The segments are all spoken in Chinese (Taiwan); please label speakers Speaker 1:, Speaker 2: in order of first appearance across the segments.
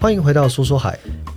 Speaker 1: 歡迎回到說說海，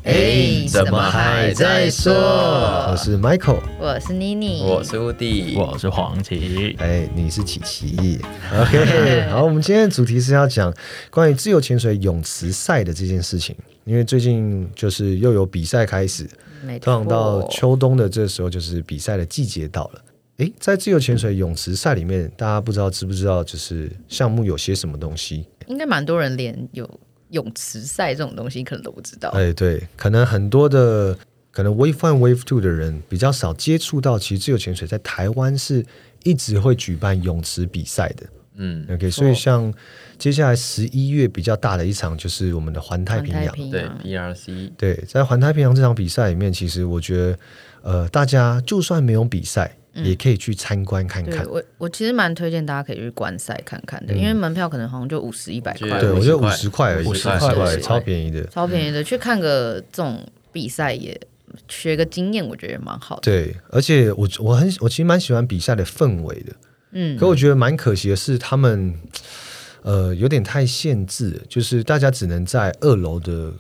Speaker 1: 哎、欸，怎麼還在說？我是 Michael，我是妮妮，我是
Speaker 2: Woody，我是皇旗，哎、欸，你是淇淇。OK，
Speaker 1: 好，我們今天的主題是要講關於自由潛水泳池賽的這件事情，因為最近就是又有比賽開始，沒錯，通常到秋冬的這時候就是比賽的季節到了。哎、欸，在自由潛水泳池賽裡面，大家不知道知不知道，就是項目有些什麼東西？
Speaker 3: 應該蠻多人連有。泳池賽這種東西，你可能都不知道。哎、
Speaker 1: 欸，對，可能很多的，可能 Wave One、Wave Two 的人比較少接觸到。其實自由潛水在台灣是一直會舉辦泳池比賽的。嗯，OK，哦，所以像接下來十一月比較大的一場就是我們的環太平洋，環太
Speaker 4: 平洋，對 BRC。對，
Speaker 1: 在環太平洋這場比賽裡面，其實我覺得，呃，大家就算沒有比賽。也可以去參觀看看。
Speaker 3: 嗯、我我其實蠻推薦大家可以去觀賽看看的，嗯、因為門票可能好像就五十一百塊。塊，對，我覺得五十塊而已，五十塊超便宜的，嗯、超便宜的，去看個這種比賽也學個經驗，我覺得也蠻好的，嗯。
Speaker 1: 對，而且我我很我其實蠻喜歡比賽的氛圍的。嗯，可我覺得蠻可惜的是，他們呃有點太限制了，就是大家只能在二樓的。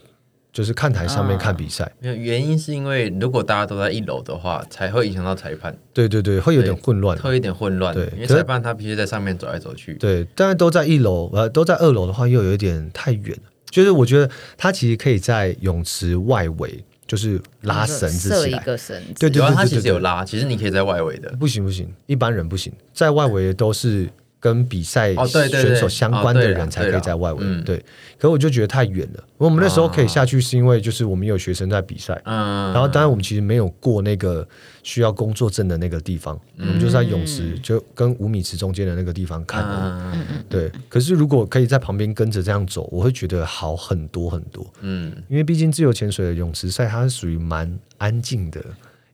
Speaker 1: 就是看台上面看比賽、啊，
Speaker 4: 沒有，原因是因為如果大家都在一樓的話，才會影響到裁判。
Speaker 1: 對對對，會有點混亂，會
Speaker 4: 有點混亂。對，因為可裁判他必須在上面走來走去。
Speaker 1: 對，但是都在一樓，呃，都在二樓的話又有一點太遠了。就是我覺得他其實可以在泳池外圍，就是拉繩子繫一個繩。對對主要、啊、他其實有拉，其實你可以在外圍的。嗯、不行不行，一般人不行，在外圍的都是。嗯跟比賽選手相關的人才可以在外圍，oh, oh，對。對。嗯、可我就覺得太遠了。我們那時候可以下去，是因為就是我們有學生在比賽，啊、然後當然我們其實沒有過那個需要工作證的那個地方，嗯、我們就在泳池就跟五米池中間的那個地方看。嗯、對。可是如果可以在旁邊跟着這樣走，我會覺得好很多很多。嗯。因為畢竟自由潛水的泳池賽，它是屬於蠻安靜的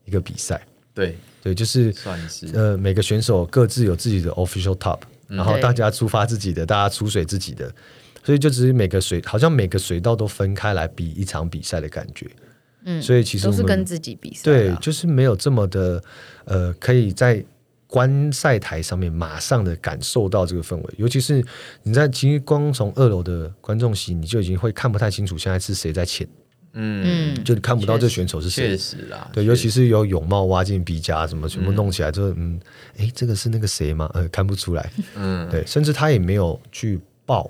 Speaker 1: 一個比賽。對對，就是算是呃，每個選手各自有自己的 official top。然後大家出發自己的。嗯、大家出水自己的。所以就只是每個水好像每個水道都分開來比一場比賽的感覺。
Speaker 3: 嗯，所以其實我們都是跟自己比賽
Speaker 1: 的、啊，對，就是沒有這麼的呃，可以在觀賽台上面馬上的感受到這個氛圍。尤其是你在其實光從二樓的觀眾席，你就已經會看不太清楚現在是誰在潛。
Speaker 2: 嗯，就看不到這選手是誰？對，確實啦，
Speaker 1: 尤其是有泳帽、蛙鏡、鼻夾什麼，全部弄起來就，就嗯，哎、嗯，欸，這個是那個誰嗎？呃，看不出來。嗯，對，甚至他也沒有去報，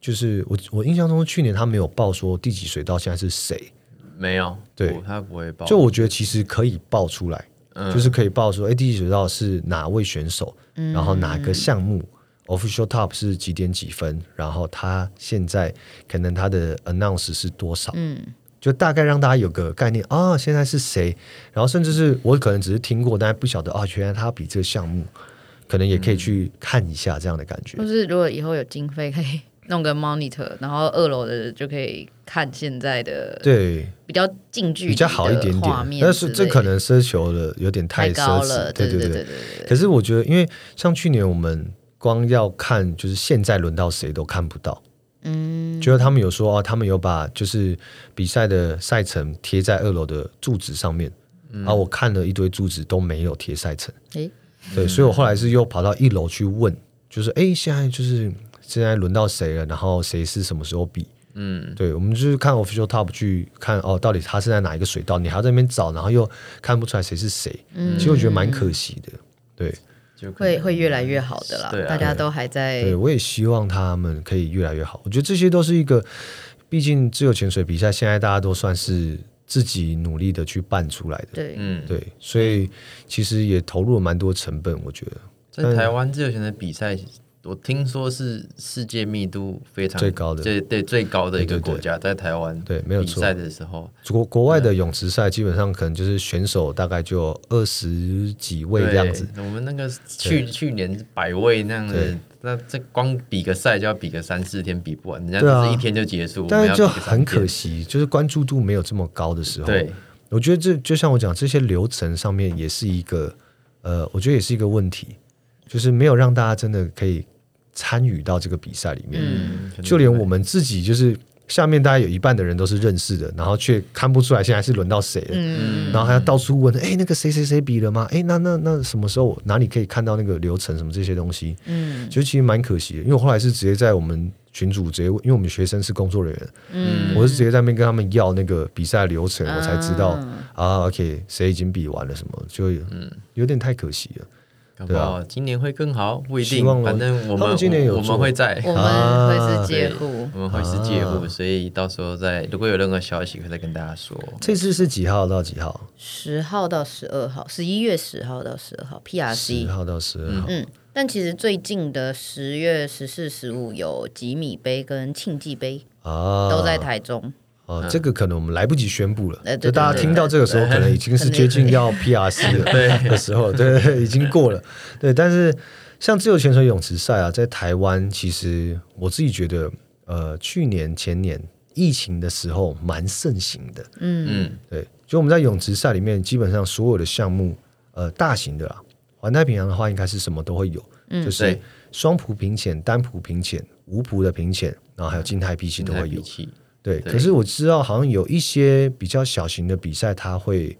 Speaker 1: 就是我我印象中去年他沒有報說第幾水道現在是誰，
Speaker 4: 沒有。對，他不會報。就我覺得
Speaker 1: 其實可以報出來，嗯、就是可以報說哎、欸，第幾水道是哪位選手，嗯、然後哪個項目。Official top 是幾點幾分，然後他現在可能他的 announce 是多少，嗯，就大概讓大家有個概念啊、哦，現在是誰？然後甚至是我可能只是聽過，但不曉得啊、哦，原來他比這個項目，可能也可以去看一下這樣的感覺。就、嗯、
Speaker 3: 是如果以後有經費，可以弄個 monitor，然後二樓的就可以看現在的，對，比較近距離比較好一點點。但是這可
Speaker 1: 能奢求的有點太奢侈，對對對。可是我覺得，因為像去年我們。光要看就是現在輪到誰都看不到，嗯，
Speaker 3: 就是他
Speaker 1: 們有說、哦、他們有把就是比賽的賽程貼在二樓的柱子上面，後、嗯啊、我看了一堆柱子都沒有貼賽程，欸、對，嗯、所以我後來是又跑到一樓去問，就是哎、欸，現在就是現在輪到誰了，然後誰是什麼時候比，嗯，對，我們就是看 Official Top 去看哦，到底他是在哪一個水道，你還要在那邊找，然後又看不出來誰是誰，嗯、其實我覺得蠻可惜的，嗯、對。
Speaker 3: 會會越來越好的啦，啊、大家都還在對。對，
Speaker 1: 我也希望他們可以越來越好。我覺得這些都是一個，畢竟自由潛水比賽現在大家都算是自己努力的去辦出來的。對，嗯，對，所以其實也投入了蠻多成本。我覺
Speaker 4: 得在台灣自由潛水比賽。我聽說是世界密度非常最高的，對對，最高的一個國家在台灣。對，沒有錯。比賽的時候，
Speaker 1: 國國外的泳池賽基本上可能就是選手大概就二十幾位這樣子。我們那個去
Speaker 4: 去年百位那樣的，那這光比個賽就要比個三四天比不完，人家就是一天就結束了。但是就很可
Speaker 1: 惜，就是關注度沒有這麼高的時候。對，我覺得這就像我講這些流程上面也是一個，呃，我覺得也是一個問題，就是沒有讓大家真的可以。參與到這個比賽裡面，嗯、就連我們自己，就是下面大概有一半的人都是認識的，然後卻看不出來現在是輪到誰了，嗯、然後還要到處問：哎、欸，那個誰誰誰比了嗎？哎、欸，那那那什麼時候我哪裡可以看到那個流程？什麼這些東西？嗯，就其實蠻可惜的，因為我後來是直接在我們群組直接，因為我們學生是工作人員，嗯，我是直接在那邊跟他們要那個比賽流程，我才知道啊，啊，OK，誰已經比完了什麼，就有點太可惜了。哦，
Speaker 4: 今年會更好，不一定。反正我們，們今年有我，我們會在，我們會是戒護、啊，我們會是戒護，啊、所以到時候再，如果有任何消息，會再跟大家
Speaker 1: 說。這次是幾號到幾號？
Speaker 3: 十號到十二號，十一月十號到十二
Speaker 1: 號。PRC 十號到十二號，嗯。嗯,
Speaker 3: 但其實最近的十月十四、十五有吉米杯跟慶記杯啊，都在台中。
Speaker 1: 哦、呃，這個可能我們來不及宣布了。啊、對對對對，就大家聽到這個時候，可能已經是接近要 P R C 了的時候，嗯嗯、對，對，對，已經過了。對，但是像自由潛水泳池賽啊，在台灣，其實我自己覺得，呃，去年前年疫情的時候，蠻盛行的。嗯嗯，對。就我們在泳池賽裡面，基本上所有的項目，呃，大型的啦，環太平洋的話，應該是什麼都會有，嗯、就是雙蹼平潛、單蹼平潛、無蹼的平潛，然後還有靜態憋氣都會有。對，可是我知道，好像有一些比較小型的比賽，它會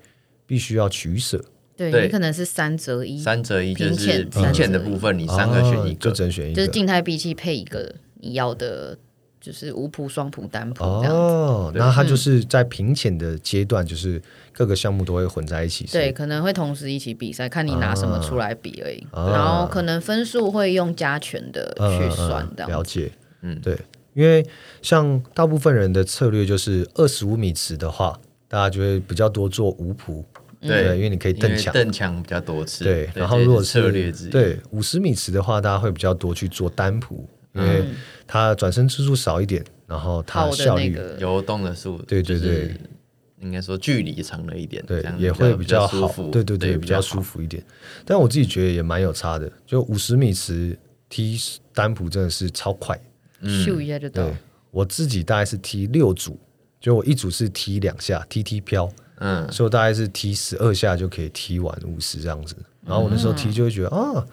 Speaker 1: 必須要取捨。對，你可
Speaker 3: 能是三擇一，
Speaker 4: 三擇一，平潛平潛的部分，你三個選一個，真選
Speaker 1: 一個。就是
Speaker 3: 靜態閉氣配一個你要的，就是無蹼、雙蹼、單蹼這樣子
Speaker 1: 哦，那它就是在平潛的階段，就是各個項目都會混在一起。對，
Speaker 3: 可能會同時一起比賽，看你拿什麼出
Speaker 1: 來比而已。然後
Speaker 3: 可能分數會用加權的去算的。了
Speaker 1: 解，嗯，對。因為像大部分人的策略就是二十五米池的話，大家就會比較多做無蹼。對，因為你可以蹬牆，蹬牆比較多次。對，然後如果策略對五十米池的話，大家會比較多去做單蹼，因為他轉身次數少一點，然後他效率
Speaker 4: 游動的速度，對對對，應該說距離長了一點，對，也會比較好，對對對，比較舒
Speaker 1: 服一點。但我自己覺得也蠻有差的，就五十米池踢單蹼真的是超快。
Speaker 2: 咻一下就到、嗯、
Speaker 1: 對，我自己大概是踢六組，就我一組是踢兩下，踢踢飄，嗯，所以大概是踢十二下就可以踢完五十這樣子。然後我那時候踢就會覺得、嗯、啊，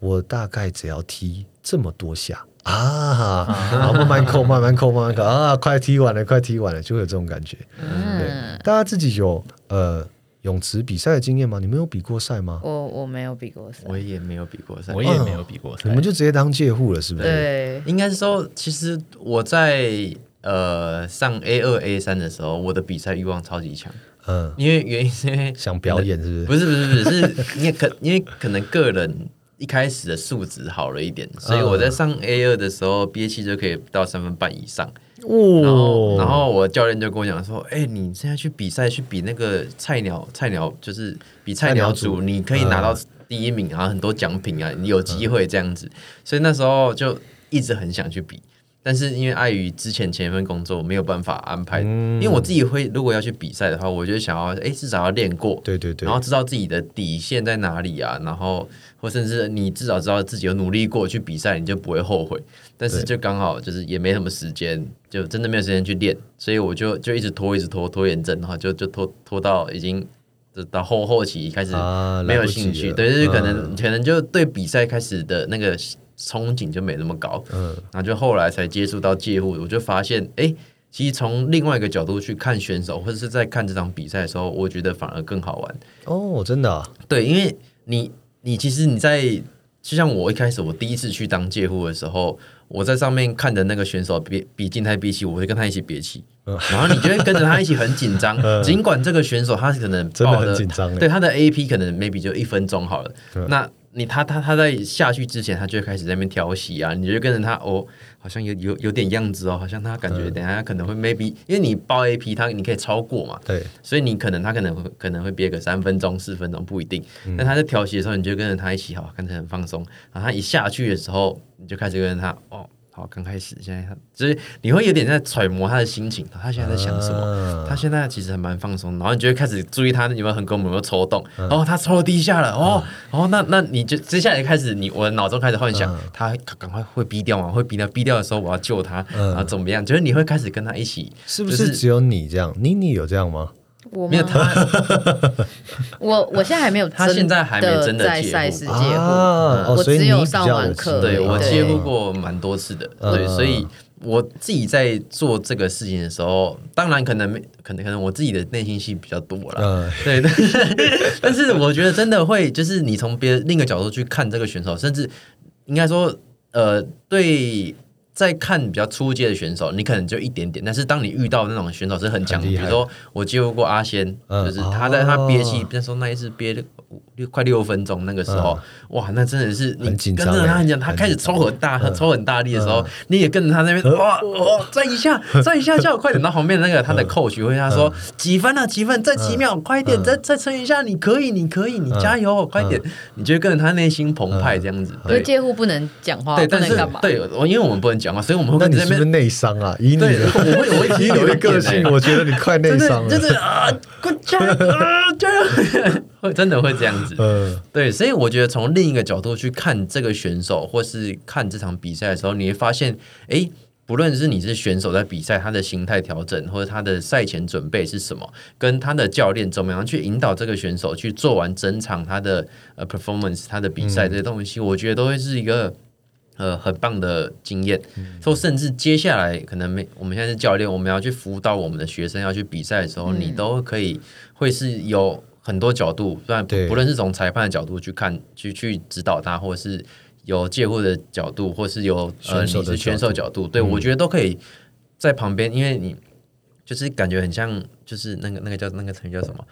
Speaker 1: 我大概只要踢這麼多下啊，然後慢慢扣，慢慢扣，慢慢扣啊，快踢完了，快踢完了，就會有這種感覺。嗯，對，大家自己有呃。泳池比賽的經驗嗎？你沒有比過賽嗎？
Speaker 3: 我我沒有
Speaker 1: 比過賽，我
Speaker 4: 也沒有比過賽，我也沒有比過
Speaker 1: 賽。我、嗯、們就直接當戒護了，是不是？對，對，對，應該說，其實
Speaker 4: 我在呃上 A 二 A 三的時候，我的比賽慾望超級強。嗯，因為原因是因為想表演，是不是？不是不是不是， 是因為可因為可能個人一開始的素質好了一點，嗯、所以我在上 A 二的時候憋氣就可以到三分半以上。哦、然後，然後我教練就跟我講說：“哎、欸，你現在去比賽，去比那個菜鳥，菜鳥就是比菜鳥組，你可以拿到第一名啊，很多獎品啊，你有機會這樣子。嗯”所以那時候就一直很想去比。但是因為礙於之前前一份工作沒有辦法安排，因為我自己會如果要去比賽的話，我就想要誒，至少要練過，對對對，然後知道自己的底線在哪裡啊，然後或甚至你至少知道自己有努力過去比賽，你就不會後悔。但是就剛好就是也沒什麼時間，就真的沒有時間去練，所以我就就一直拖一直拖，拖延症的話，就就拖拖到已經就到後後期開始沒有興趣，對，就是可能可能就對比賽開始的那個。憧憬就沒那麼高，嗯，然後就後來才接觸到戒護，我就發現，哎，其實從另外一個角度去看選手，或者是在看這場比賽的時候，我覺得反而更好玩哦，真的、啊，對，因為你你其實你在就像我一開始我第一次去當戒護的時候，我在上面看的那個選手比，比比靜態憋氣，我會跟他一起憋氣，
Speaker 1: 嗯、然後你就會跟着
Speaker 4: 他一起很緊張，嗯、儘管這個選手他可能真的很緊張，對他的 A P 可能 maybe 就一分鐘好了，嗯、那。你他他他在下去之前，他就開始在那邊調息啊！你就跟着他哦，好像有有有點樣子哦，好像他感覺等下可能會 maybe，、嗯、因為你包 A P，他你可以超過嘛？對、嗯，所以你可能他可能會可能會憋個三分鐘、四分鐘不一定。那他在調息的時候，嗯、你就跟着他一起，好，看起來很放鬆。然後他一下去的時候，你就開始跟着他哦。好，剛開始，現在就是你會有點在揣摩他的心情，他現在在想什麼？嗯、他現在其實還蠻放鬆，然後你就會開始注意他有沒有很跟我們有抽動，然後、嗯哦、他抽地下了，哦，嗯、哦，那那你就接下來開始你，你我腦中開始幻想，嗯、他趕快會逼掉嘛，會逼掉，逼掉的時候我要救他啊，嗯、然後怎麼樣？就是你會開始跟他一起，是不
Speaker 1: 是、就是、只有你這樣？妮妮有這樣
Speaker 4: 嗎？
Speaker 3: 因為我他， 我我現在還沒有，他現在還沒真的的在賽事戒護，啊，我只有上完課，哦，對，我戒護過
Speaker 4: 過蠻多次的。哦，對，嗯，所以我自己在做這個事情的時候，當然可能沒，可能可能我自己的內心戲比較多了，嗯，對，但是 但是我覺得真的會，就是你從別另一個角度去看這個選手，甚至應該說，呃，對。在看比較初階的選手，你可能就一點點。但是當你遇到那種選手是很強的，比如說我接觸過阿仙，就是他在他憋氣那時候，那一次憋了，快六分鐘那個時候，哇，那真的是你跟着他很緊張，他開始抽很大，抽很大力的時候，你也跟着他那邊哇哦，再一下再一下叫快點。到後面那個他的 coach 會跟他說幾分了，幾分再幾秒，快點，再再撐一下，你可以，你可以，你加油，快點。你就跟着他內心澎湃這樣子。
Speaker 3: 接護不能講話，對，但是
Speaker 4: 對，因為我們不能。所以
Speaker 1: 我們會問你這邊是內傷啊？因為對 我會，我挺有 個性， 我覺得你快內傷了
Speaker 3: 就是，真的啊，
Speaker 4: 會這樣啊，會真的會這樣子。呃、對，所以我覺得從另一個角度去看這個選手，或是看這場比賽的時候，你會發現，哎，不論是你是選手在比賽，他的心態調整，或者他的賽前準備是什麼，跟他的教練怎麼樣去引導這個選手去做完整場他的呃 performance，他的比賽這些東西，嗯、我覺得都會是一個。呃，很棒的經驗，嗯、說甚至接下來可能沒，我們現在是教練，我們要去輔導我們的學生要去比賽的時候，嗯、你都可以會是有很多角度，雖然不論對是從裁判的角度去看，去去指導他，或者是有戒護的角度，或是有呃，你是選，選手角度，對、嗯、我覺得都可以在旁邊，因為你就是感覺很像，就是那個那個叫那個成語叫什麼？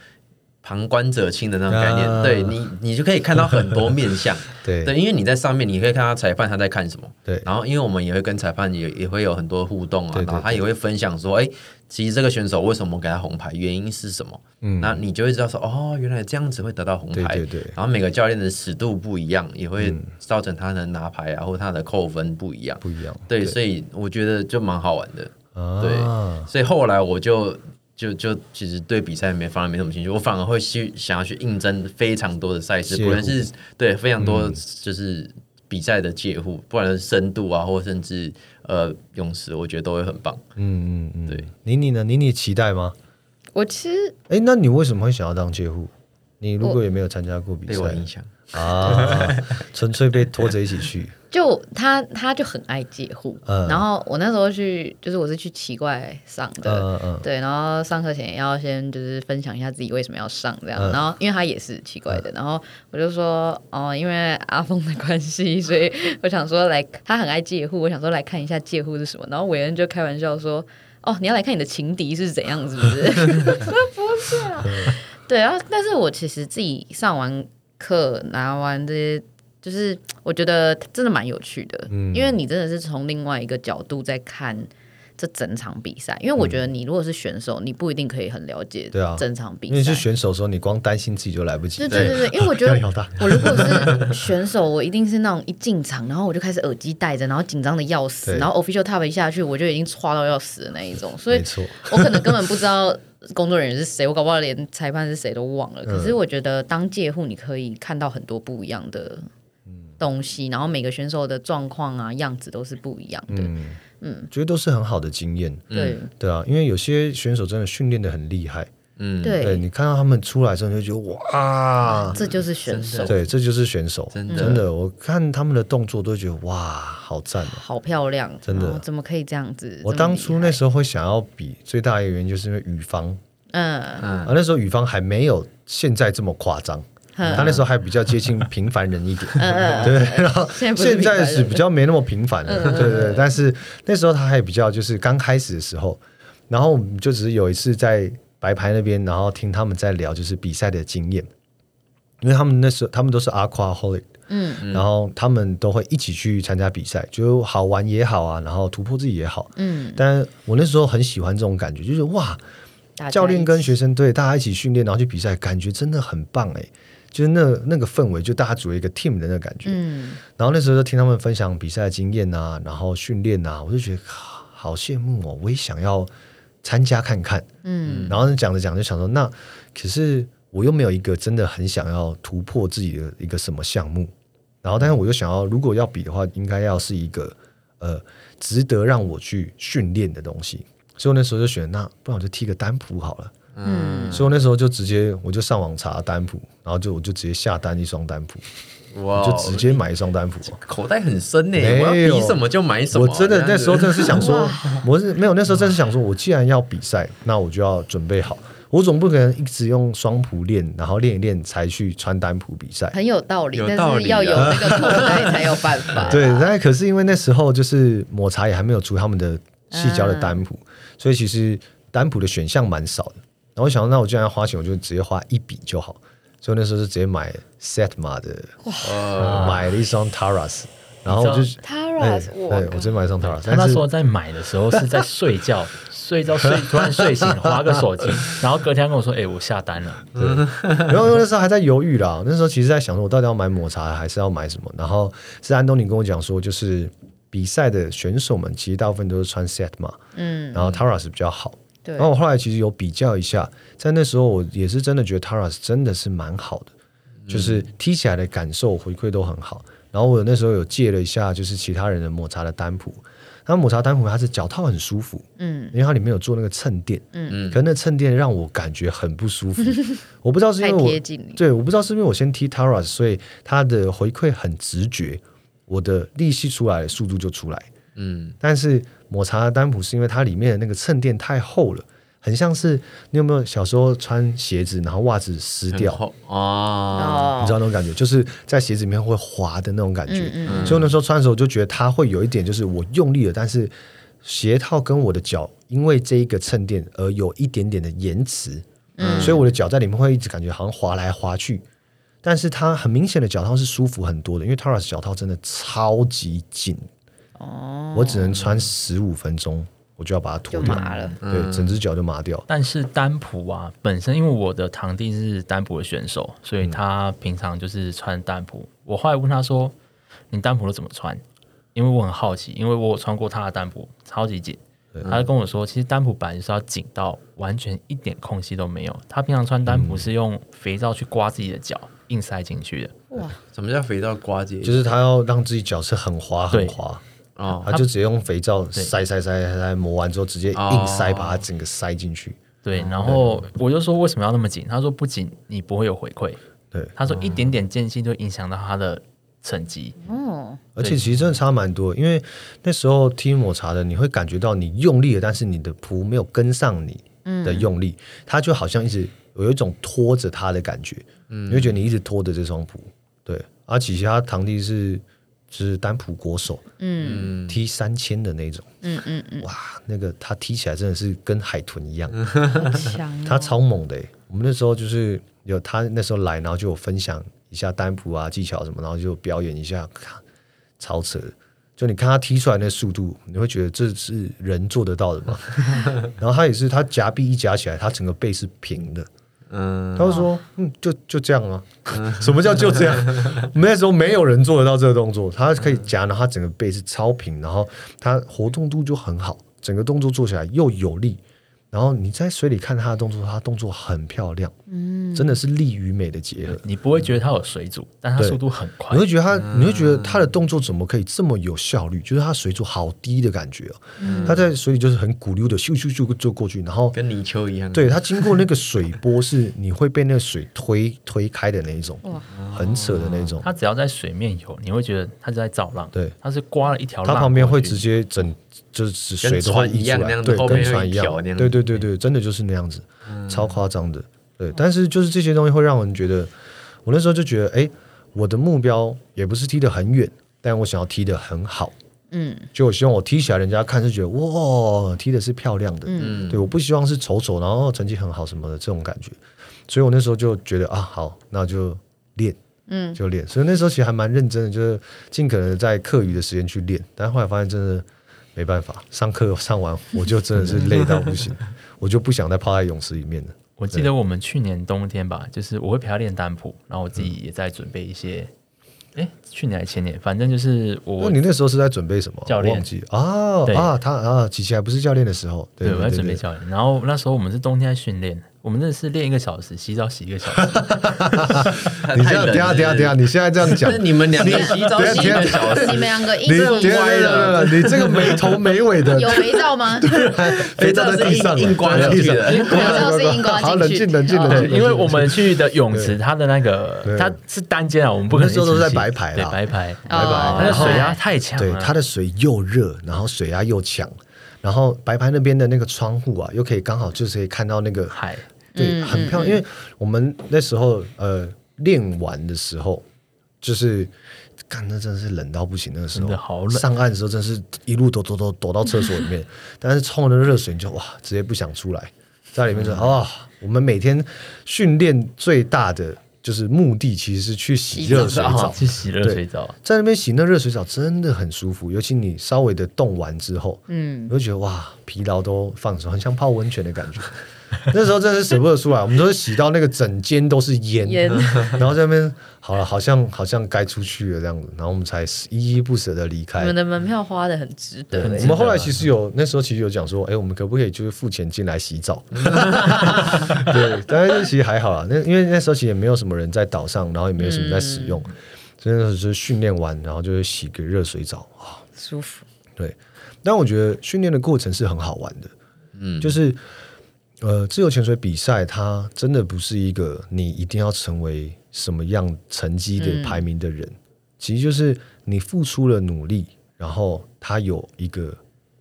Speaker 4: 旁觀者清的那種概念，uh, 對你，你就可以看到很多面相。 對，對，因為你在上面，你可以看到裁判他在看什麼。對，然後因為我們也會跟裁判也也會有很多互動啊，對對對，然後他也會分享說，哎、欸，其實這個選手為什麼給他紅牌，原因是什麼？嗯，那你就會知道說，哦，原來這樣子會得到紅牌。對對，對對。然後每個教練的尺度不一樣，也會造成他的拿牌啊，或他的扣分不一樣。不一樣。對，對所以我覺得就蠻好玩的。啊、對，所以後來我就。就就其實對比賽沒，反而沒什麼興趣，我反而會去想要去應徵非常多的賽事，乎不管是對非常多就是比賽的戒護，嗯、不管是深度啊，或甚至呃泳池，我覺得都會很棒。嗯
Speaker 1: 嗯嗯，對，妮妮呢？妮妮期待嗎？我其實哎。那你為什麼會想要當戒護？你如果也沒有參加過比賽，被我影響啊，純對粹被拖着一起去。
Speaker 3: 就他，他就很愛戒護。嗯、然後我那時候去，就是我是去奇怪上的，嗯嗯、對，然後上課前要先就是分享一下自己為什麼要上這樣。嗯、然後因為他也是奇怪的，嗯、然後我就說，哦，因為阿峰的關係，所以我想說來，他很愛戒護，我想說來看一下戒護是什麼。然後偉恩就開玩笑說，哦，你要來看你的情敵是怎樣，是不是？ 不是啊。對啊，但是我其實自己上完課拿完這些。就是我覺得真的蠻有趣的，嗯，因為你真的是從另外一個角度在看這整場比賽。因為我覺得你如果是選手，嗯、你不一定可以很了解對啊整場比賽。你是、
Speaker 1: 啊、選手的時候，你光擔心自己就來不及。對對對，對，
Speaker 3: 對，對，對因為我覺得我如果是選手，我一定是那種一進場， 然後我就開始耳機戴着，然後緊張的要死，對然後 official top 一下去，我就已經剉到要死的那一種。所以，我可能根本不知道工作人員是誰，我搞不好連裁判是誰都忘了。嗯、可是我覺得當戒護，你可以看到很多不一樣的。東西，然後每個選手的狀況啊、樣子都是不一樣
Speaker 1: 的。嗯，覺得都是很好的經驗。對，對啊，因為有些選手真的訓練得很厲害。嗯，對，你看到他們出來之後，你就覺得哇，這就
Speaker 3: 是選手。對，
Speaker 1: 這就是選手。真的，真的，我看他們的動作都覺得哇，好讚，好漂亮，真的，怎
Speaker 3: 麼可以這樣子？我當初
Speaker 1: 那時候會想要比，最大的原因就是因為羽方，嗯嗯，啊，那時候羽方還沒有現在這麼誇張。嗯、他那時候還比較接近平凡人一點， 對。然後現在是比較沒那麼平凡了，對對，對。是但是那時候他還比較就是剛開始的時候，然後我們就只是有一次在白牌那邊，然後聽他們在聊就是比賽的經驗，因為他們那時候他們都是 Aquaholic 嗯，然後他們都會一起去參加比賽，就好玩也好啊，然後突破自己也好，嗯。但我那時候很喜歡這種感覺，就是哇，教練跟學生對，大家一起訓練，然後去比賽，感覺真的很棒哎、欸。就是那那個氛圍，就大家組了一個 team 的那個感覺。嗯，然後那時候就聽他們分享比賽的經驗啊，然後訓練啊，我就覺得好羨慕哦，我也想要參加看看。嗯，然後講着講著就想說，那可是我又沒有一個真的很想要突破自己的一個什麼項目。然後，但是我又想要，如果要比的話，應該要是一個呃值得讓我去訓練的東西。所以我那時候就選那，不然我就踢個單蹼好了。嗯，所以那時候就直接我就上網查單蹼，然後就我就直接下單一雙單蹼，哇，就直接買一雙單蹼，口袋很深呢。沒有，我要比什麼就買什麼，我真的那時候真的是想說，我是沒有那時候真是想說，我既然要比賽，那我就要準備好。我總不可能一直用雙蹼練，然後練一練才去穿單蹼比賽，很
Speaker 3: 有道理，但是要有那個口袋才有辦法。
Speaker 1: 對，但可是因為那時候就是抹茶也還沒有出他們的矽膠的單蹼，所以其實單蹼的選項蠻少的。然後我想，那我既然要花錢，我就直接花一筆就好。所以那時候是直接買 Set 馬的，哇買了一雙 Taras，然後就 Taras，我我直接買一雙 Taras。那時候在買的時候是在睡覺， 睡到
Speaker 2: 睡突然睡醒，劃個手機，然後隔天跟我說：“哎，我下單了。”
Speaker 1: 對，然後 那時候還在猶豫啦。那時候其實，在想說我到底要買抹茶還是要買什麼。然後是安東尼跟我講說，就是比賽的選手們其實大部分都是穿 Set 馬，嗯，然後 Taras 比較好。對然後我後來其實有比較一下，在那時候我也是真的覺得 Tara 是真的是蠻好的，嗯、就是踢起來的感受回饋都很好。然後我那時候有借了一下，就是其他人的抹茶的單蹼，那抹茶單蹼它是腳套很舒服，嗯，因為它裡面有做那個襯墊，嗯嗯，可是那襯墊讓我感覺很不舒服，嗯、我不知道是因為我 太貼近，對，我不知道是因為我先踢 Tara，所以它的回饋很直覺，我的力氣出來的速度就出來。嗯，但是抹茶的丹普是因為它裡面的那個襯墊太厚了，很像是你有沒有小時候穿鞋子，然後襪子濕掉啊、哦嗯？
Speaker 4: 你知道那
Speaker 1: 種感覺，就是在鞋子裡面會滑的那種感覺。嗯嗯、所以我那時候穿的時候，我就覺得它會有一點，就是我用力了，但是鞋套跟我的腳因為這一個襯墊而有一點點的延遲，嗯，所以我的腳在裡面會一直感覺好像滑來滑去。但是它很明顯的腳套是舒服很多的，因為 Torres 腳套真的超級緊。哦，oh, 我只能穿十五分鐘，嗯、我就要把它脫掉麻了。對，嗯、整隻腳就麻掉。但是單
Speaker 2: 蹼啊，本身因為我的堂弟是單蹼的選手，所以他平常就是穿單蹼。我後來問他說：“你單蹼都怎麼穿？”因為我很好奇，因為我有穿過他的單蹼，超級緊。嗯、他就跟我說：“其實單蹼本來就是要緊到完全一點空隙都沒有。”他平常穿單蹼是用肥皂去刮自己的腳，嗯、硬塞進去的。哇，什對麼叫肥皂刮腳？就是他
Speaker 1: 要讓自己腳是很滑很滑。哦，oh, 他就直接用肥皂塞塞塞塞，塞，磨完之後對直接硬塞，把它整個塞進去。Oh, 嗯、
Speaker 2: 對，然後我就說為什麼要那麼緊？他說不緊你不會有回饋。對，他說一點點間隙就影響到他的
Speaker 1: 成績。嗯、
Speaker 3: oh. 對，而且
Speaker 1: 其實真的差蠻多，因為那時候聽抹茶的，你會感覺到你用力了，但是你的蹼沒有跟上你的用力，他、嗯、就好像一直有一種拖着他的感覺。嗯，你會覺得你一直拖着這雙蹼。對，而、啊、其他堂弟是。就是單蹼國手，嗯，踢三千的那種，
Speaker 3: 嗯嗯嗯，哇，
Speaker 1: 那個他踢起來真的是跟海豚一樣，哦、他超猛的、欸、我們那時候就是有他那時候來，然後就有分享一下單蹼啊技巧什麼，然後就表演一下，超扯！就你看他踢出來那速度，你會覺得這是人做得到的嗎？ 然後他也是，他夾臂一夾起來，他整個背是平的。嗯，他會說，嗯，就就這樣啊？ 什麼叫就這樣？ 我們那時候沒有人做得到這個動作。他可以夾呢，然後他整個背是超平，然後他活動度就很好，整個動作做起來又有力。然後你在水裡看他的動作，他動作很漂亮，嗯，真的是力與美的結合。你不會覺得他有水阻，但他速度很快。你會覺得他，你會覺得他的動作怎麼可以這麼有效率？就是他水阻好低的感覺。他在水裡就是很鼓溜的咻咻咻就過去，然後跟泥鰍一樣。對，他經過那個水波是你會被那個水推推開的那一種，很扯的那種。
Speaker 2: 他只要在水面游，你會覺
Speaker 1: 得它在造浪。
Speaker 2: 對，他是刮了一條浪，他旁邊會直
Speaker 1: 接整就是水都移出來，對，跟船一樣，對對。對，對對，真的就是那樣子，嗯、超誇張的。對，好但是就是這些東西會讓人覺得，我那時候就覺得，哎、欸，我的目標也不是踢得很遠，但我想要踢得很好，嗯，就我希望我踢起來，人家看是覺得哇，踢的是漂亮的，嗯，對，我不希望是醜醜，然後成績很好什麼的這種感覺。所以我那時候就覺得啊，好，那就練，就嗯，就練。所以那時候其實還蠻認真的，就是盡可能在課餘的時間去練。但後來發現，真的。沒辦法，上課上完我就真的是累到不行， 我就不想再泡在泳池裡面了。我記
Speaker 2: 得我們去年冬天吧，就是我會陪他練單蹼，然後我自己也在準備一些。嗯、誒，去年還是前年，反正就是我。哦、你那時候
Speaker 1: 是在準備什麼？教練忘記啊。對啊，他啊，淇淇還不是教練的時候。對，對我在準備教練。
Speaker 2: 對對對，然後那時候我們是冬天在訓練。我們真的是練一個小時，洗澡洗一個小
Speaker 1: 時。你這樣，等下等下等下！你現在這樣講，你們兩個洗澡洗一個小時，你們兩個硬刮的，你這個沒頭沒尾的，有肥
Speaker 3: 皂
Speaker 4: 嗎？
Speaker 1: 肥皂在地上硬刮的，硬刮的。好，
Speaker 3: 冷靜
Speaker 2: 冷靜冷靜！因為我們去的泳池，它
Speaker 1: 的那個它
Speaker 2: 是單間啊，我們那個時候都是在白排的，白排
Speaker 1: 白排，它的水壓太強了，對，它的水又熱，然後水壓又強，然後白排那邊的那個窗戶啊，又可以剛好就是可以看到那個海。對，很漂亮。嗯嗯嗯，因為我們那時候呃練完的時候，就是，幹那真的是冷到不行。那個時候好上岸的時候，真是一路躲躲躲躲，躲到廁所裡面。 但是沖了熱水，你就哇，直接不想出來，在裡面就啊、嗯哦，我們每天訓練最大的就是目的，其實是去洗熱水澡，洗澡啊、去洗熱水澡，對澡在那邊洗那熱水澡真的很舒服。尤其你稍微的動完之後，嗯，你會覺得哇，疲勞都放鬆，很像泡溫泉的感覺。 那時候真的是捨不得出來， 我們都是洗到那個整間都是煙，煙然後在那邊好了，好像好像該出去了這樣子，然後我們才依依不舍的離開。我們
Speaker 3: 的門票花的很值得。對值得我們後來其
Speaker 1: 實有那時候其實有講說，哎、欸，我們可不可以就是付錢進來洗澡？ 對，但是其實還好啊。那因為那時候其實也沒有什麼人在島上，然後也沒有什麼在使用，真的就是訓練完，然後就是洗個熱水澡，啊，舒服。對，但我覺得訓練的過程是很好玩的，嗯，就是。呃，自由潛水比賽，它真的不是一個你一定要成為什麼樣成績的排名的人。嗯、其實就是你付出了努力，然後它有一個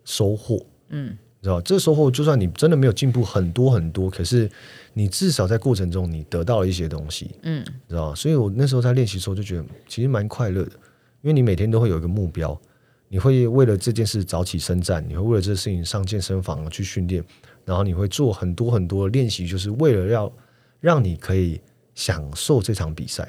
Speaker 1: 收穫，嗯，你知道這個、收穫就算你真的沒有進步很多很多，可是你至少在過程中你得到了一些東西，嗯，你知道，所以我那時候在練習的時候就覺得其實蠻快樂的，因為你每天都會有一個目標，你會為了這件事早起深戰，你會為了這個事情上健身房去訓練。然後你會做很多很多的練習，就是為了要讓你可以享受這場比賽。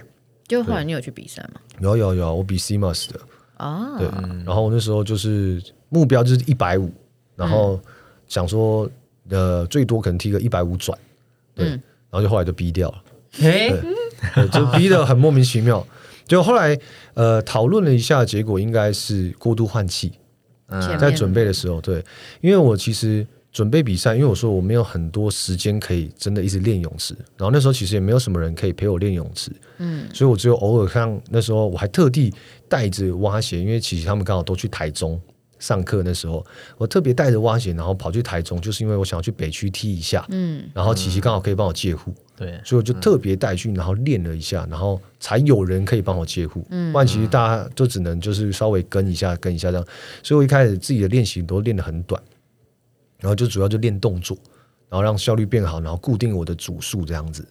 Speaker 3: 就後來你有去比賽嗎？
Speaker 1: 有有有，我比 CMAS 的啊，oh. 對、嗯。然後那時候就是目標就是一百五，然後想說、嗯、呃最多可能踢個一百五轉，對。嗯、
Speaker 3: 然
Speaker 1: 後就後來就逼掉了，
Speaker 3: 嘿， 就逼
Speaker 1: 得很莫名其妙。 就後來呃討論了一下，結果應該是過度換氣。嗯，在準備的時候，對，因為我其實。準備比賽，因為我說我沒有很多時間可以真的一直練泳池，然後那時候其實也沒有什麼人可以陪我練泳池，嗯，所以我只有偶爾像。那時候我還特地帶着蛙鞋，因為淇淇他們剛好都去台中上課，那時候我特別帶着蛙鞋，然後跑去台中，就是因為我想要去北區踢一下，嗯，然後淇淇剛好可以幫我戒護，嗯，所以我就特別帶去，然後練了一下，然後才有人可以幫我戒護嗯，不然其實大家就只能就是稍微跟一下，跟一下這樣。所以我一開始自己的練習都練得很短。然後就主要就練動作，然後讓效率變好，然後固定我的組數這樣子。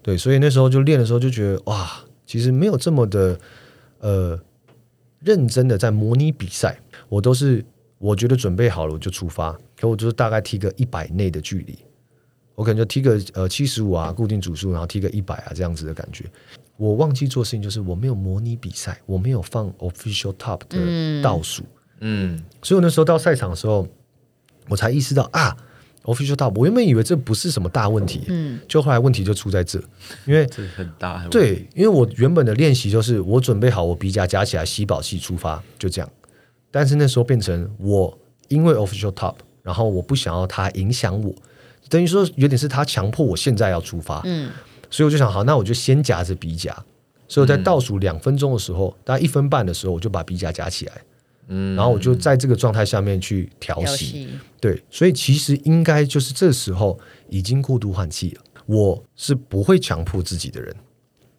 Speaker 1: 對，所以那時候就練的時候就覺得哇，其實沒有這麼的呃認真的在模擬比賽。我都是我覺得準備好了，我就出發，可我就是大概踢個一百內的距離，我可能就踢個呃七十五啊，固定組數，然後踢個一百啊這樣子的感覺。我忘記做事情就是我沒有模擬比賽，我沒有放 Official Top 的倒數，嗯，嗯，嗯，所以我那時候到賽場的時候。我才意識到啊，Official Top，我原本以為這不是什麼大問題，哦、嗯，就後來問題就出在這，因為這很大，很對，因為我原本的練習就是我準備好我鼻夾夾起來吸飽氣出發就這樣，但是那時候變成我因為 Official Top，然後我不想要它影響我，等於說有點是它強迫我現在要出發，嗯，所以我就想好，那我就先夾着鼻夾，所以我在倒數兩分鐘的時候，嗯，大概一分半的時候，我就把鼻夾夾起來。嗯，然後我就在這個狀態下面去調息，戲對，所以其實應該就是這時候已經過度換氣了。我是不會強迫自己的人，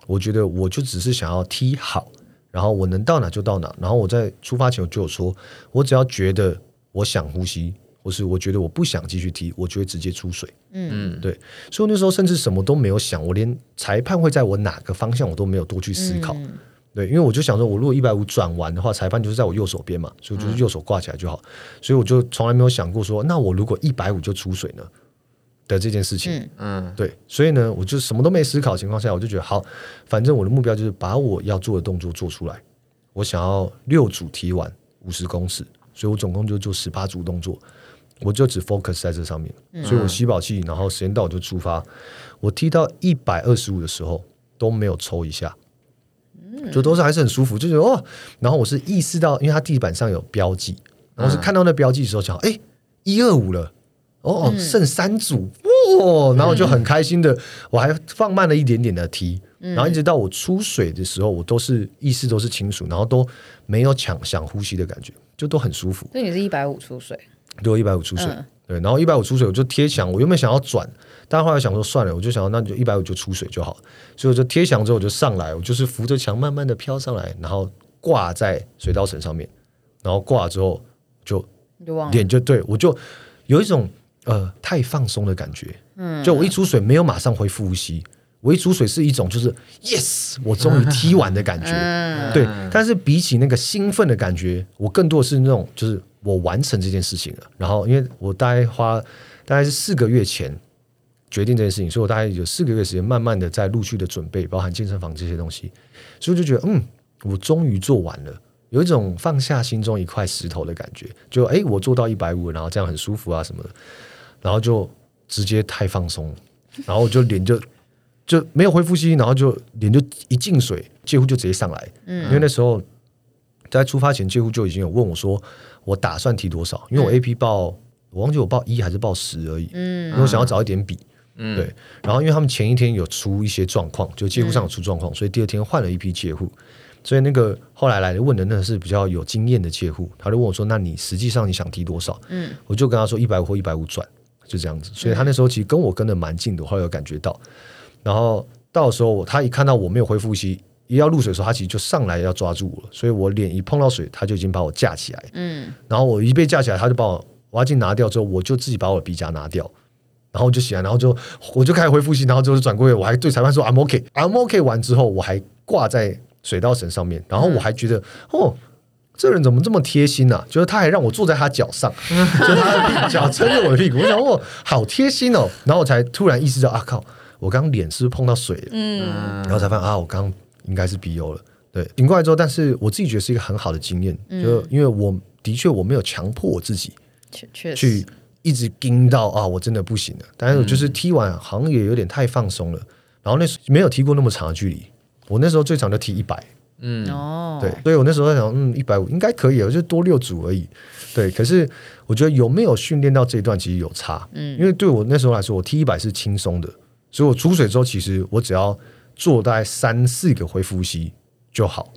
Speaker 1: 我覺得我就只是想要踢好，然後我能到哪就到哪。然後我在出發前我就有說，我只要覺得我想呼吸，或是我覺得我不想繼續踢，我就會直接出水。嗯嗯，對，所以那時候甚至什麼都沒有想，我連裁判會在我哪個方向，我都沒有多去思考。嗯對，因為我就想說，我如果一百五轉完的話，裁判就是在我右手邊嘛，所以我就是右手掛起來就好。嗯、所以我就從來沒有想過說，那我如果一百五就出水呢的這件事情。嗯，嗯對，所以呢，我就什麼都沒思考情況下，我就覺得好，反正我的目標就是把我要做的動作做出來。我想要六組踢完五十公尺，所以我總共就做十八組動作，我就只 focus 在這上面。嗯、所以我吸飽氣，然後時間到我就出發。我踢到一百二十五的時候都沒有抽一下。就都是還是很舒服，就是哦，然後我是意識到，因為它地板上有標記，然後我是看到那標記的時候想，哎、嗯，一二五了，哦、嗯、剩三組，哦，然後就很開心的，嗯、我還放慢了一點點的踢，嗯、然後一直到我出水的時候，我都是意識都是清楚，然後都沒有搶想呼吸的感覺，就都很舒服。
Speaker 3: 那你是一百五出水？
Speaker 1: 對，一百五出水，嗯、對，然後一百五出水，我就貼牆，我又沒想要轉。但後來我想說算了，我就想，那就一百五就出水就好，所以我就貼牆之後我就上來，我就是扶着牆慢慢的飄上來，然後掛在水道繩上面，然後掛了之後就，
Speaker 3: 就臉就
Speaker 1: 對我就有一種呃太放鬆的感覺，嗯，就我一出水沒有馬上恢復呼吸，我一出水是一種就是 yes，我終於踢完的感覺，嗯、對，但是比起那個興奮的感覺，我更多的是那種就是我完成這件事情了，然後因為我大概花大概是四個月前。決定這件事情，所以我大概有四個月時間，慢慢的在陸續的準備，包含健身房這些東西，所以我就覺得，嗯，我終於做完了，有一種放下心中一塊石頭的感覺，就，哎，我做到一百五，然後這樣很舒服啊什麼的，然後就直接太放鬆了，然後我就臉就 就沒有恢復期，然後就臉就一進水，幾乎就直接上來，嗯、啊，因為那時候在出發前，幾乎就已經有問我說，我打算提多少？因為我 AP 報，嗯、我忘記我報一還是報十而已，嗯、啊，我想要找一點比。對，嗯、然後因為他們前一天有出一些狀況，就戒護上有出狀況，嗯、所以第二天換了一批戒護，所以那個後來來的問的那是比較有經驗的戒護，他就問我說：“那你實際上你想提多少？”嗯，我就跟他說：“一百五或一百五轉。”就這樣子。所以他那時候其實跟我跟得蠻近的，我後來有感覺到，然後到時候他一看到我沒有恢復息，一要入水的時候，他其實就上來要抓住我，所以我臉一碰到水，他就已經把我架起來，嗯，然後我一被架起來，他就把我蛙鏡拿掉之後，我就自己把我鼻夾拿掉。然後就喜歡，然後就我就開始恢復信然後就轉過位，我還對裁判說 "I'm OK, I'm OK"。Okay 完之後，我還掛在水稻繩上面，然後我還覺得、嗯、哦，這人怎麼這麼貼心呢、啊？就是他還讓我坐在他腳上， 就他的腳撐着我的屁股，我想哦，好貼心哦。然後我才突然意識到啊，靠，我剛臉是不是碰到水了？嗯、嗯，然後才發現啊，我剛、剛應該是 B 油了。對，醒過來之後，但是我自己覺得是一個很好的經驗，嗯、就因為我的確我沒有強迫我自己確實，確去。一直盯到啊、哦，我真的不行了。但是我就是踢完好像也有點太放鬆了。嗯、然後那時候沒有踢過那麼長的距離，我那時候最長就踢一百。嗯
Speaker 3: 哦，對，
Speaker 1: 所以我那時候在想，嗯，一百五應該可以，我就多六組而已。對，可是我覺得有沒有訓練到這一段其實有差。嗯，因為對我那時候來說，我踢一百是輕鬆的，所以我出水之後其實我只要做大概三四個恢復呼吸就好。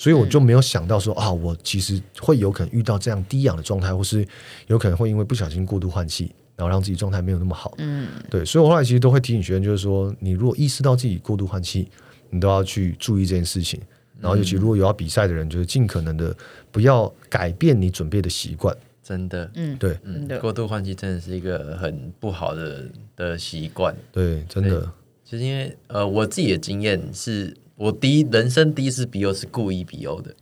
Speaker 1: 所以我就沒有想到說、嗯、啊，我其實會有可能遇到這樣低氧的狀態，或是有可能會因為不小心過度換氣，然後讓自己狀態沒有那麼好。嗯，對，所以我後來其實都會提醒學員，就是說，你如果意識到自己過度換氣，你都要去注意這件事情。然後，尤其如果有要比賽的人，嗯、就是盡可能的不要改變你準備的習慣。真的，嗯，對，
Speaker 4: 的嗯，過度換氣真的是一個很不好的的習慣。
Speaker 1: 對，真的，其
Speaker 4: 實、就是、因為呃，我自己的經驗是，我第一人生第一次 BO 是故意 BO 的，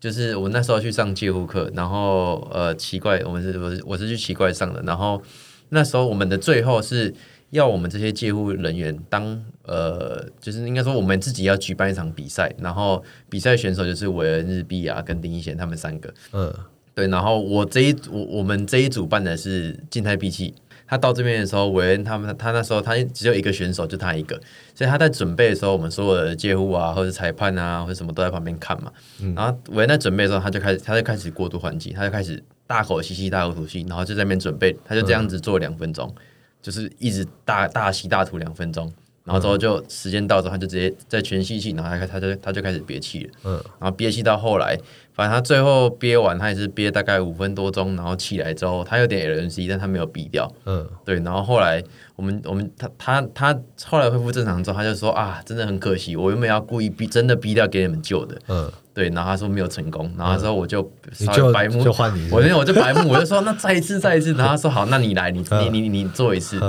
Speaker 4: 就是我那時候去上戒護課，然後呃奇怪我們是我是我是去奇怪上的，然後那時候我們的最後是要我們這些戒護人員當呃就是應該說我們自己要舉辦一場比賽，然後比賽選手就是韋恩日比啊跟丁一賢他們三個，嗯對，然後我這一我我們這一組辦的是靜態閉氣。他到這邊的時候，韋恩他們，他那時候他只有一個選手，就他一個，所以他在準備的時候，我們所有的戒護啊，或者裁判啊，或者什麼都在旁邊看嘛。嗯、然後韋恩在準備的時候，他就開始，他就開始過度換氣，他就開始大口吸氣，大口吐氣，嗯、然後就在那邊準備，他就這樣子做兩分鐘，嗯、就是一直大大吸大吐兩分鐘。然後之後就時間到之後，他就直接在全吸氣，然後他他他就他就開始憋氣了。然後憋氣到後來，反正他最後憋完，他也是憋大概五分多鐘。然後起來之後，他有點 LMC，但他沒有 BO 掉。嗯。對，然後後來我們我們他他他後來恢復正常之後，他就說啊，真的很可惜，我原本要故意 BO，真的 BO 掉給你們救的。嗯。對，然後他說沒有成功，然後之後我就我就白目，
Speaker 1: 我那我就白目，我就
Speaker 4: 說那再一次再一次，然後他說好，那你來，你你你你做一次。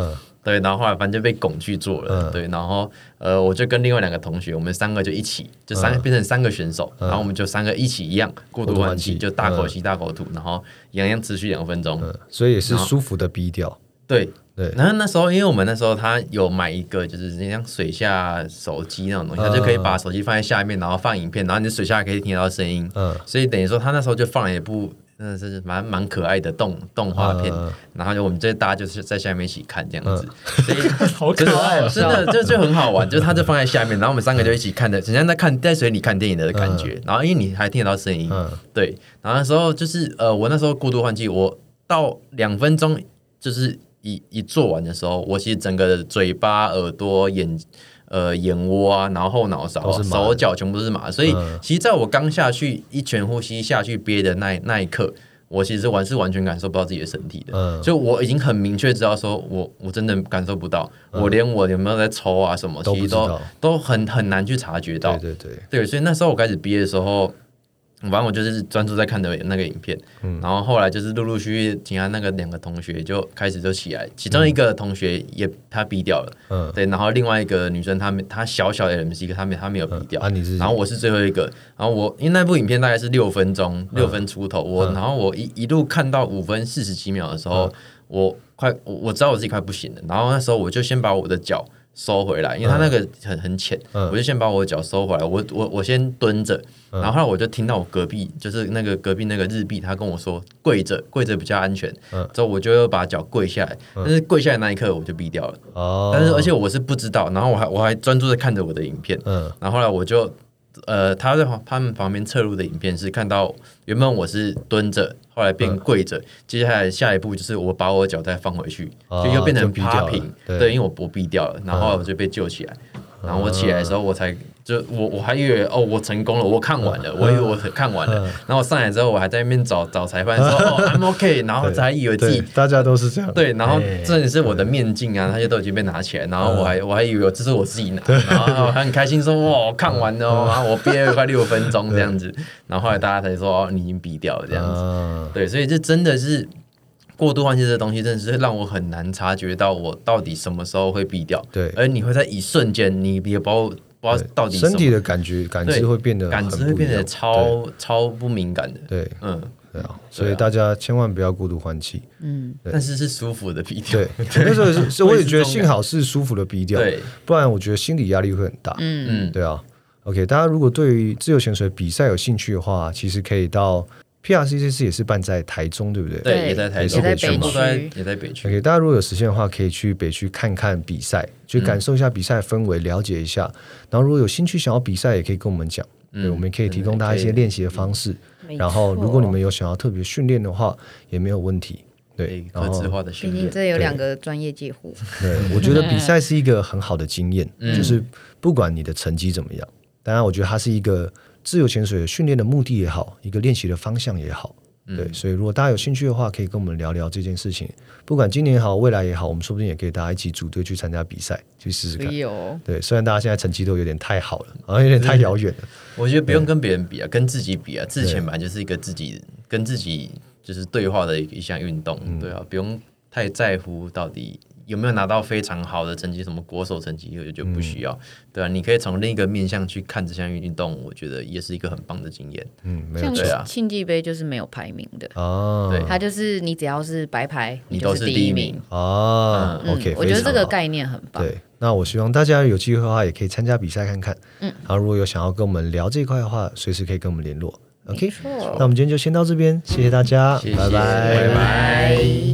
Speaker 4: 對，然後後來反正就被拱去做了。對，然後呃，我就跟另外兩個同學，我們三個就一起，就三變成三個選手，然後我們就三個一起一樣過度換氣，就大口吸大口吐，然後一樣持續兩分鐘。
Speaker 1: 所以是舒服的 BO 掉。
Speaker 4: 對對。然後那時候，因為我們那時候他有買一個，就是像水下手機那種東西，他就可以把手機放在下面，然後放影片，然後你水下可以聽到聲音。嗯。所以等於說，他那時候就放了一部。嗯，真的是是蠻蠻可愛的動動畫片，uh, uh, 然後就我們這大家就是在下面一起看這樣子，uh, 所以，好可愛喔，真的就這樣就很好玩，uh, 就是它就放在下面，uh, 然後我們三個就一起看的，好、uh, 像在看在水裡看電影的感覺。Uh, 然後因為你還聽得到聲音，uh, 對。然後那時候就是呃，我那時候過度換氣，我到兩分鐘就是一一做完的時候，我其實整個嘴巴、耳朵、眼。呃，眼窩啊，然後後腦勺、啊，手腳全部都是麻。嗯、所以，其實在我剛下去一拳呼吸下去憋的那那一刻，我其實我是完全感受不到自己的身體的。所以、嗯、我已經很明確知道，說我我真的感受不到，嗯、我連我有沒有在抽啊什麼，嗯、其實都都，都很很難去察覺到。對，對對，對。所以那時候我開始憋的時候。反正我就是專注在看的那個影片，嗯、然後後來就是陸陸續續，其他那個兩個同學就開始就起來，其中一個同學也、嗯、他 BO 掉了，嗯、對，然後另外一個女生他，她沒她小小的 LMC，她沒她沒有 BO 掉、嗯、然後我是最後一個，然後我因為那部影片大概是六分鐘六分出頭，嗯、我然後我一一路看到五分四十幾秒的時候，嗯、我快我，我知道我自己快不行了，然後那時候我就先把我的腳。收回來，因為他那個很很淺，嗯、我就先把我的腳收回來。嗯、我我我先蹲着，嗯、然後後來我就聽到我隔壁，就是那個隔壁那個日幣，他跟我說跪着跪着比較安全。嗯、之後我就又把腳跪下來，但是跪下來那一刻我就斃掉了。哦、但是而且我是不知道，然後我還我還專注的看着我的影片，嗯、然後，後來我就。呃，他在他們旁邊側錄的影片是看到，原本我是蹲着，後來變跪着，嗯、接下來下一步就是我把我的腳再放回去，就、啊、又變成趴平，對，對，因為我 BO 掉了，然後我就被救起來，嗯、然後我起來的時候我才。就我我還以為哦，我成功了，我看完了，我以為我看完了。然後上來之後，我還在那邊找找裁判說哦，“I'm OK”。然後才以為自己
Speaker 1: 大家都是這樣
Speaker 4: 對。然後真的是我的面鏡啊，他就都已經被拿起來，然後我還我還以為這是我自己拿，然後我很開心說“哇，看完了，然後我憋了快六分鐘這樣子”。然後後來大家才說“哦，你已經比掉了這樣子”。對，所以這真的是過度換氣這東西，真的是讓我很難察覺到我到底什麼時候會比掉。對，而你會在一瞬間，你別把我。到底身體的
Speaker 1: 感覺感知會變得感知會變得
Speaker 4: 超超不敏感的對嗯對啊所以大
Speaker 1: 家千萬不要過度換氣嗯但是是舒服的 B 調對那時候是我也覺得幸好是舒服的 B 調對不然我覺得心理壓力會很大嗯嗯對啊 OK 大家如果對於自由潛水比賽有興趣的話其實可以到。P R C C C 也是辦在台中，對不對？對，也在台中北區，也在北區。OK，大家如果有時間的話，可以去北區看看比賽，去感受一下比賽氛圍，了解一下。然後如果有興趣想要比賽，也可以跟我們講，對，我們可以提供大家一些練習的方式。然後，如果你們有想要特別訓練的話，也沒有問題。對，然後客製化的訓練，畢
Speaker 4: 竟這有
Speaker 3: 兩個專業戒護。對，我覺得比賽
Speaker 1: 是一個很好的經驗，就是不管你的成績怎麼樣。當然，我覺得它是一個自由潛水的訓練的目的也好，一個練習的方向也好，對。嗯、所以，如果大家有興趣的話，可以跟我們聊聊這件事情。不管今年也好，未來也好，我們說不定也可以大家一起組隊去參加比賽，去試試看。哦、對，雖然大家現在成績都有點太好了，好像有點太遙遠了。嗯，
Speaker 4: 就是、我覺得不用跟別人比啊，嗯、跟自己比啊。自潛本來對就是一個自己跟自己就是對話的一項運動，嗯、對啊，不用太在乎到底。有沒有拿到非常好的成績？什麼國手成績？我覺得不需要，對吧？你可以從另一個面向去看這項運動，我覺得也是一個很棒的
Speaker 1: 經驗。嗯，沒有對啊。慶
Speaker 3: 記杯就是沒有排名的哦，對，它就是你只要是白牌，你就是第一
Speaker 1: 名哦。OK，我覺得這個概念很棒。對，那我希望大家有機會的話也可以參加比賽看看。嗯，然後，如果有想要跟我們聊這塊的話，隨時可以跟我們聯絡。OK，那我們今天就先到這邊，謝謝大家，拜拜，拜拜。